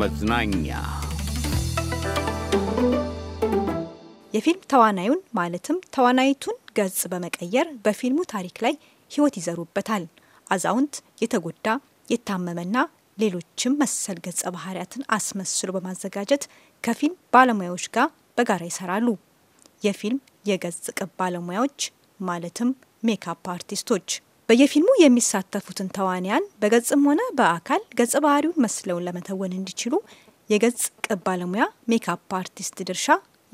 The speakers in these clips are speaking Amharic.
መዝናኛ የፊልም ተዋናዩን ማለትም ተዋናይቱን ገጽ በመቀየር በፊልሙ ታሪክ ላይ ህይወት ይዘሩበታል። አዛውንት፣ የተጎዳ፣ የታመመና ሌሎችም መሰል ገጸ ባህሪያትን አስመስሎ በማዘጋጀት ከፊልም ባለሙያዎች ጋር በጋራ ይሰራሉ። የፊልም የገጽ ቅብ ባለሙያዎች ማለትም ሜካፕ አርቲስቶች በየፊልሙ የሚሳተፉትን ተዋንያን በገጽም ሆነ በአካል ገጸ ባህሪውን መስለውን ለመተወን እንዲችሉ የገጽ ቅብ ባለሙያ ሜካፕ አርቲስት ድርሻ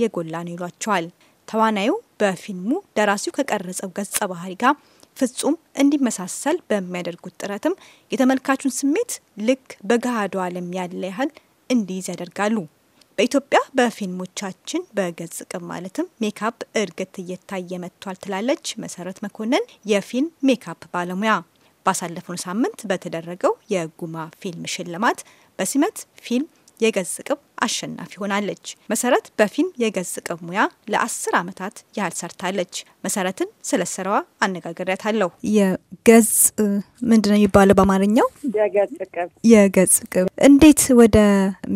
የጎላ ነው ይሏቸዋል። ተዋናዩ በፊልሙ ደራሲው ከቀረጸው ገጸ ባህሪ ጋር ፍጹም እንዲመሳሰል በሚያደርጉት ጥረትም የተመልካቹን ስሜት ልክ በገሃዱ ዓለም ያለ ያህል እንዲይዝ ያደርጋሉ። በኢትዮጵያ በፊልሞቻችን በገጽ ቅም ማለትም ሜካፕ እድገት እየታየ መጥቷል ትላለች መሰረት መኮንን የፊልም ሜካፕ ባለሙያ። ባሳለፈው ሳምንት በተደረገው የጉማ ፊልም ሽልማት በሲመት ፊልም የገዝ ቅብ አሸናፊ ሆናለች። መሰረት በፊልም የገዝ ቅብ ሙያ ለአስር ዓመታት ያህል ሰርታለች። መሰረትን ስለ ስራዋ አነጋግሬያታለሁ። የገዝ ምንድነው የሚባለው በአማርኛው? የገጽ ቅብ የገጽ ቅብ። እንዴት ወደ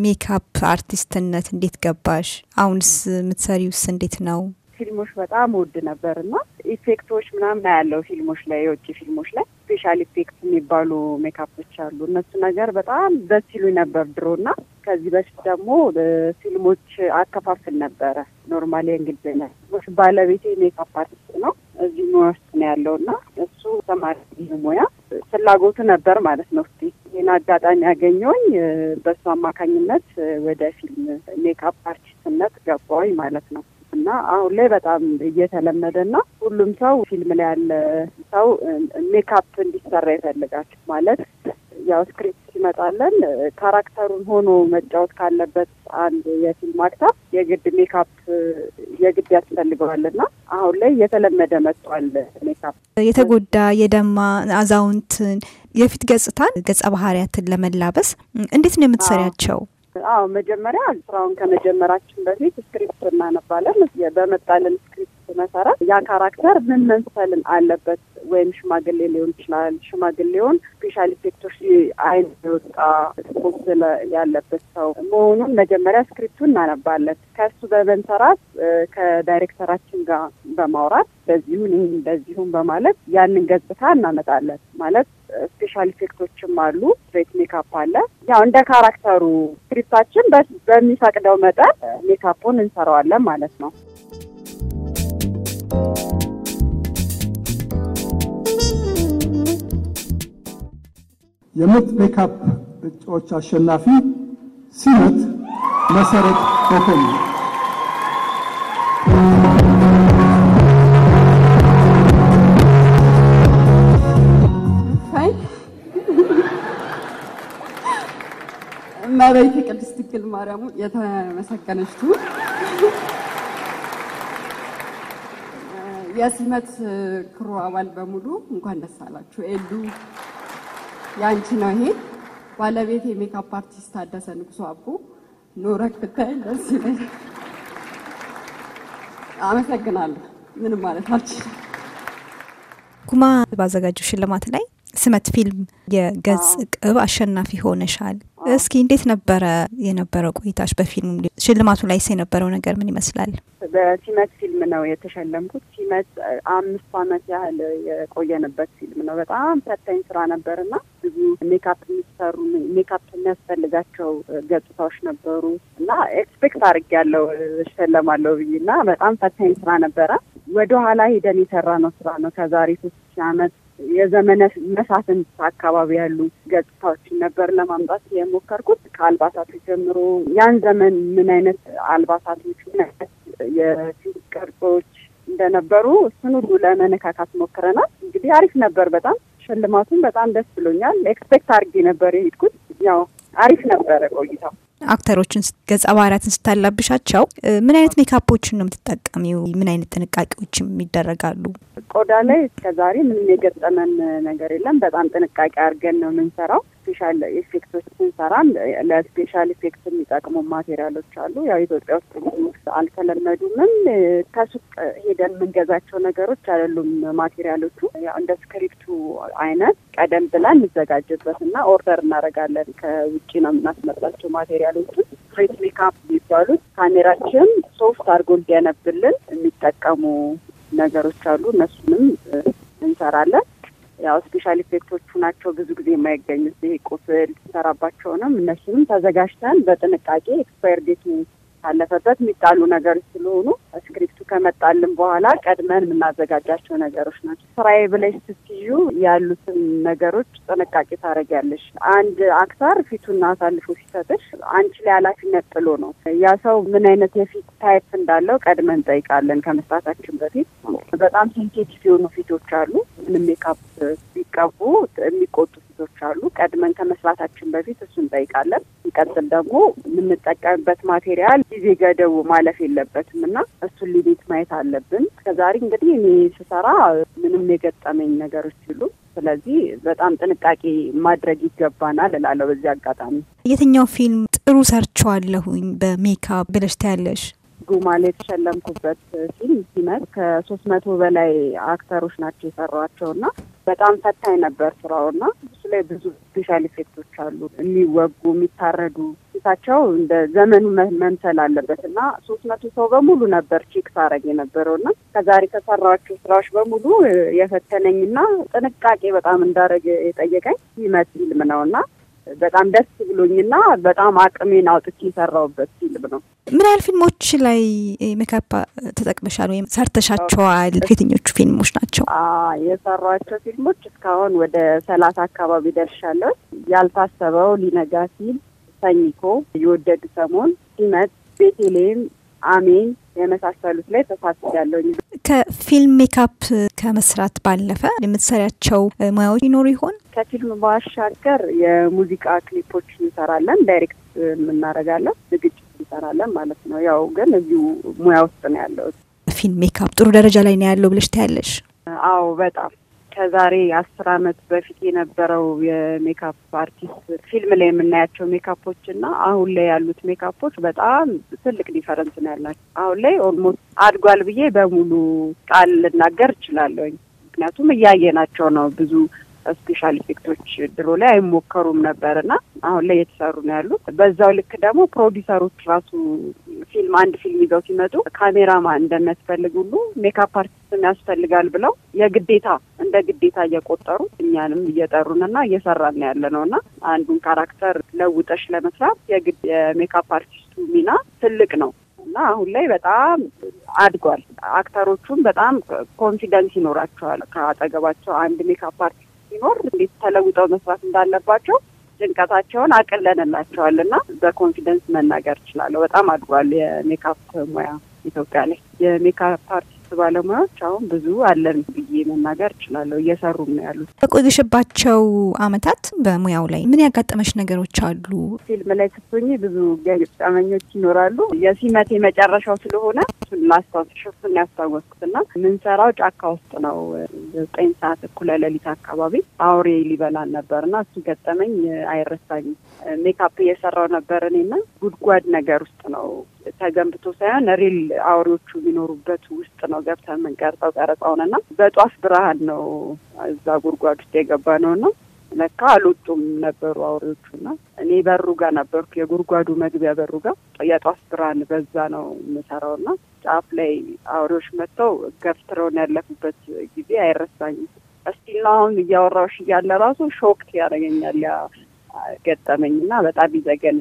ሜካፕ አርቲስትነት እንዴት ገባሽ? አሁንስ የምትሰሪውስ እንዴት ነው? ፊልሞች በጣም ውድ ነበር እና ኢፌክቶች ምናምን ያለው ፊልሞች ላይ የውጭ ፊልሞች ላይ ስፔሻል ኢፌክት የሚባሉ ሜካፖች አሉ። እነሱ ነገር በጣም ደስ ይሉኝ ነበር ድሮ እና ከዚህ በፊት ደግሞ ፊልሞች አከፋፍል ነበረ። ኖርማሊ እንግሊዝኛ ፊልሞች ባለቤቴ ሜካፕ አርቲስት ነው። እዚህ ሙያ ውስጥ ነው ያለው እና እሱ ተማሪ ይህ ሙያ ፍላጎቱ ነበር ማለት ነው። እስቲ ይህን አጋጣሚ ያገኘውኝ በሱ አማካኝነት ወደ ፊልም ሜካፕ አርቲስትነት ገባኝ ማለት ነው። እና አሁን ላይ በጣም እየተለመደ እና ሁሉም ሰው ፊልም ላይ ያለ ሰው ሜካፕ እንዲሰራ ይፈልጋል ማለት ያው ስክሪፕት ትመጣለን። ካራክተሩን ሆኖ መጫወት ካለበት አንድ የፊልም አክተር የግድ ሜካፕ የግድ ያስፈልገዋልና አሁን ላይ የተለመደ መጥቷል ሜካፕ። የተጎዳ የደማ አዛውንትን የፊት ገጽታን ገጸ ባህሪያትን ለመላበስ እንዴት ነው የምትሰሪያቸው? አዎ መጀመሪያ ስራውን ከመጀመራችን በፊት ስክሪፕት እናነባለን። በመጣልን ስክሪፕት መሰረት ያ ካራክተር ምን መምሰልን አለበት ወይም ሽማግሌ ሊሆን ይችላል። ሽማግሌውን ስፔሻል ኢፌክቶች አይን የወጣ ቁስል ያለበት ሰው መሆኑን መጀመሪያ ስክሪፕቱ እናነባለን። ከእሱ በመንሰራት ከዳይሬክተራችን ጋር በማውራት በዚሁን ይህን በዚሁን በማለት ያንን ገጽታ እናመጣለን ማለት ስፔሻል ኢፌክቶችም አሉ። ስትሬት ሜካፕ አለ። ያው እንደ ካራክተሩ ስክሪፕታችን በሚፈቅደው መጠን ሜካፑን እንሰራዋለን ማለት ነው። የምርጥ ሜካፕ እጩዎች አሸናፊ ሲመት መሰረት መኮንን መቤቴ ቅድስት ድንግል ማርያም የተመሰገነች ትሁን። የሲመት ክሩ አባል በሙሉ እንኳን ደስ አላችሁ። ኤሉ ያንቺ ነው ይሄ። ባለቤት የሜካፕ አርቲስት ታደሰ ንጉሱ አቡ ኖረክ ብታይ ደስ ይለኝ። አመሰግናለሁ። ምንም ማለት አልችልም። ኩማ ባዘጋጀው ሽልማት ላይ ስመት ፊልም የገጽ ቅብ አሸናፊ ሆነሻል። እስኪ እንዴት ነበረ የነበረው ቆይታሽ በፊልም ሽልማቱ ላይ ስ የነበረው ነገር ምን ይመስላል? በሲመት ፊልም ነው የተሸለምኩት። ሲመት አምስት ዓመት ያህል የቆየንበት ፊልም ነው። በጣም ፈታኝ ስራ ነበር ነበርና ብዙ ሜካፕ የሚሰሩ ሜካፕ የሚያስፈልጋቸው ገጽታዎች ነበሩ እና ኤክስፔክት ያለው እሸለማለሁ ብዬ እና በጣም ፈታኝ ስራ ነበረ። ወደኋላ ሂደን የሰራ ነው ስራ ነው ከዛሬ ሶስት ሺህ ዓመት የዘመነ መሳፍንት አካባቢ ያሉ ገጽታዎችን ነበር ለማምጣት የሞከርኩት። ከአልባሳቱ ጀምሮ ያን ዘመን ምን አይነት አልባሳቶች፣ ምን አይነት የፊት ቅርጾች እንደነበሩ እሱን ሁሉ ለመነካካት ሞክረናል። እንግዲህ አሪፍ ነበር በጣም ሽልማቱን በጣም ደስ ብሎኛል። ኤክስፔክት አድርጌ ነበር የሄድኩት። ያው አሪፍ ነበረ ቆይታው። አክተሮችን ገጸ ባህሪያትን ስታላብሻቸው ምን አይነት ሜካፖችን ነው የምትጠቀሚው? ምን አይነት ጥንቃቄዎችም ይደረጋሉ? ቆዳ ላይ እስከዛሬ ምንም የገጠመን ነገር የለም። በጣም ጥንቃቄ አድርገን ነው የምንሰራው። ስፔሻል ኤፌክቶች ስንሰራም ለስፔሻል ኤፌክት የሚጠቅሙ ማቴሪያሎች አሉ። ያው ኢትዮጵያ ውስጥ አልተለመዱምም። ከሱቅ ሄደን የምንገዛቸው ነገሮች አይደሉም ማቴሪያሎቹ። እንደ ስክሪፕቱ አይነት ቀደም ብለን እንዘጋጅበት እና ኦርደር እናደርጋለን። ከውጭ ነው የምናስመጣቸው ማቴሪያሎቹ። ፍሬት ሜካፕ የሚባሉት ካሜራችን ሶፍት አድርጎ እንዲያነብልን የሚጠቀሙ ነገሮች አሉ። እነሱንም እንሰራለን። ያው ስፔሻል ኢፌክቶቹ ናቸው ብዙ ጊዜ የማይገኙት ይሄ ቁስል ሰራባቸውንም እነሱንም ተዘጋጅተን በጥንቃቄ ኤክስፓየር ዴቱ ካለፈበት የሚጣሉ ነገሮች ስለሆኑ ስክሪፕቱ ከመጣልን በኋላ ቀድመን የምናዘጋጃቸው ነገሮች ናቸው። ስራዬ ብለሽ ስትዩ ያሉትን ነገሮች ጥንቃቄ ታደርጊያለሽ። አንድ አክተር ፊቱን አሳልፎ ሲሰጥሽ አንቺ ላይ ኃላፊነት ጥሎ ነው። ያ ሰው ምን አይነት የፊት ታይፕ እንዳለው ቀድመን እንጠይቃለን ከመስራታችን በፊት። በጣም ሴንሴቲቭ የሆኑ ፊቶች አሉ። ያንን ሜካፕ ሲቀቡ የሚቆጡ ሴቶች አሉ። ቀድመን ከመስራታችን በፊት እሱ እንጠይቃለን። ሲቀጥል ደግሞ የምንጠቀምበት ማቴሪያል ጊዜ ገደቡ ማለፍ የለበትም እና እሱን ሊሚት ማየት አለብን። ከዛሬ እንግዲህ እኔ ስሰራ ምንም የገጠመኝ ነገሮች ይሉ ስለዚህ በጣም ጥንቃቄ ማድረግ ይገባናል እላለሁ። በዚህ አጋጣሚ የትኛው ፊልም ጥሩ ሰርቸዋለሁኝ በሜካፕ ብለሽ ታያለሽ? ማለት የተሸለምኩበት ፊልም ሲመት ከሶስት መቶ በላይ አክተሮች ናቸው የሰሯቸው እና በጣም ፈታኝ ነበር ስራው እና እሱ ላይ ብዙ ስፔሻል ኢፌክቶች አሉ የሚወጉ የሚታረዱ ፊታቸው እንደ ዘመኑ መምሰል አለበት እና ሶስት መቶ ሰው በሙሉ ነበር ቼክ ሳረግ የነበረው እና ከዛሬ ከሰራኋቸው ስራዎች በሙሉ የፈተነኝ እና ጥንቃቄ በጣም እንዳረግ የጠየቀኝ ሲመት ፊልም ነው እና በጣም ደስ ብሎኝና በጣም አቅሜን አውጥቼ የሰራውበት ፊልም ነው። ምን ያህል ፊልሞች ላይ ሜካፕ ተጠቅመሻል ወይም ሰርተሻቸዋል? የትኞቹ ፊልሞች ናቸው የሰሯቸው? ፊልሞች እስካሁን ወደ ሰላሳ አካባቢ ደርሻለሁ። ያልታሰበው፣ ሊነጋ ሲል፣ ሰኝኮ፣ የወደድ ሰሞን፣ ሲመት፣ ቤቴሌም፣ አሜን የመሳሰሉት ላይ ተሳትፌያለሁ። ከፊልም ሜካፕ ከመስራት ባለፈ የምትሰሪያቸው ሙያዎች ይኖሩ ይሆን? ከፊልም ባሻገር የሙዚቃ ክሊፖች እንሰራለን፣ ዳይሬክት የምናደርጋለን፣ ዝግጅት እንሰራለን ማለት ነው። ያው ግን እዚሁ ሙያ ውስጥ ነው ያለሁት። ፊልም ሜካፕ ጥሩ ደረጃ ላይ ነው ያለው ብለሽ ታያለሽ? አዎ በጣም ከዛሬ አስር አመት በፊት የነበረው የሜካፕ አርቲስት ፊልም ላይ የምናያቸው ሜካፖች እና አሁን ላይ ያሉት ሜካፖች በጣም ትልቅ ዲፈረንስ ነው ያላቸው። አሁን ላይ ኦልሞስት አድጓል ብዬ በሙሉ ቃል ልናገር እችላለሁኝ። ምክንያቱም እያየናቸው ነው ብዙ ስፔሻል ኢፌክቶች ድሮ ላይ አይሞከሩም ነበር እና አሁን ላይ የተሰሩ ነው ያሉት። በዛው ልክ ደግሞ ፕሮዲሰሮች ራሱ ፊልም አንድ ፊልም ይዘው ሲመጡ ካሜራማን እንደሚያስፈልግ ሁሉ ሜካፕ አርቲስትም ያስፈልጋል ብለው የግዴታ እንደ ግዴታ እየቆጠሩ እኛንም እየጠሩን እና እየሰራን ነው ያለ ነው እና አንዱን ካራክተር ለውጠሽ ለመስራት የግድ የሜካፕ አርቲስቱ ሚና ትልቅ ነው እና አሁን ላይ በጣም አድጓል። አክተሮቹም በጣም ኮንፊደንስ ይኖራቸዋል። ከአጠገባቸው አንድ ሜካፕ አርቲስት ሲኖር እንዴት ተለውጠው መስራት እንዳለባቸው ጭንቀታቸውን አቅለንላቸዋል እና በኮንፊደንስ መናገር እችላለሁ። በጣም አድጓል የሜካፕ ሙያ ኢትዮጵያ ላይ የሜካፕ አርቲስት ባለሙያዎች አሁን ብዙ አለን ብዬ መናገር እችላለሁ። እየሰሩም ነው ያሉት። በቆየሽባቸው አመታት በሙያው ላይ ምን ያጋጠመሽ ነገሮች አሉ? ፊልም ላይ ስትሆኚ ብዙ ገጠመኞች ይኖራሉ። የሲመቴ መጨረሻው ስለሆነ ላስታውስ ሽፍን ያስታወስኩትና ምንሰራው ጫካ ውስጥ ነው። ዘጠኝ ሰዓት እኩለ ሌሊት አካባቢ አውሬ ሊበላን ነበርና እሱ ገጠመኝ አይረሳኝም። ሜካፕ እየሰራው ነበር እኔና ጉድጓድ ነገር ውስጥ ነው ተገንብቶ ሳይሆን ሪል አውሬዎቹ የሚኖሩበት ውስጥ ነው ገብተን የምንቀርጸው ቀረጻውን እና በጧፍ ብርሃን ነው እዛ ጉድጓድ ውስጥ የገባ ነው እና ለካ አልወጡም ነበሩ አውሬዎቹና እኔ በሩ ጋር ነበርኩ፣ የጉድጓዱ መግቢያ በሩ ጋር የጧፍ ብርሃን በዛ ነው የምሰራውና ጫፍ ላይ አውሬዎች መጥተው ገፍትረውን ያለፉበት ጊዜ አይረሳኝም። እስቲና አሁን እያወራሁሽ እያለ ራሱ ሾክት ያደርገኛል ያ ገጠመኝና በጣም ይዘገን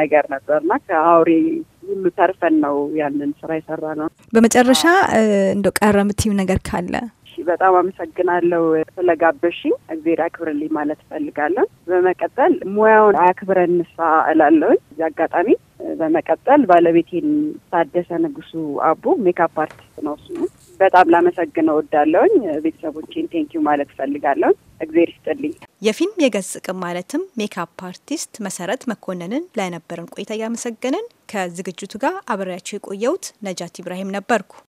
ነገር ነበርና ከአውሬ ተርፈን ነው ያንን ስራ የሰራ ነው። በመጨረሻ እንደ ቀረ የምትይው ነገር ካለ በጣም አመሰግናለሁ ስለጋበዝሽኝ፣ እግዜር አክብርልኝ ማለት እፈልጋለሁ። በመቀጠል ሙያውን አክብረን እንስራ እላለሁኝ እዚህ አጋጣሚ። በመቀጠል ባለቤቴን ታደሰ ንጉሱ አቡ ሜካፕ አርቲስት ነው እሱ በጣም ላመሰግነው እወዳለሁኝ። ቤተሰቦቼን ቴንኪዩ ማለት እፈልጋለሁ። እግዜር ይስጥልኝ። የፊልም የገጽ ቅም ማለትም ሜካፕ አርቲስት መሰረት መኮንንን ላይነበረን ቆይታ እያመሰገንን ከዝግጅቱ ጋር አብሬያቸው የቆየሁት ነጃት ኢብራሂም ነበርኩ።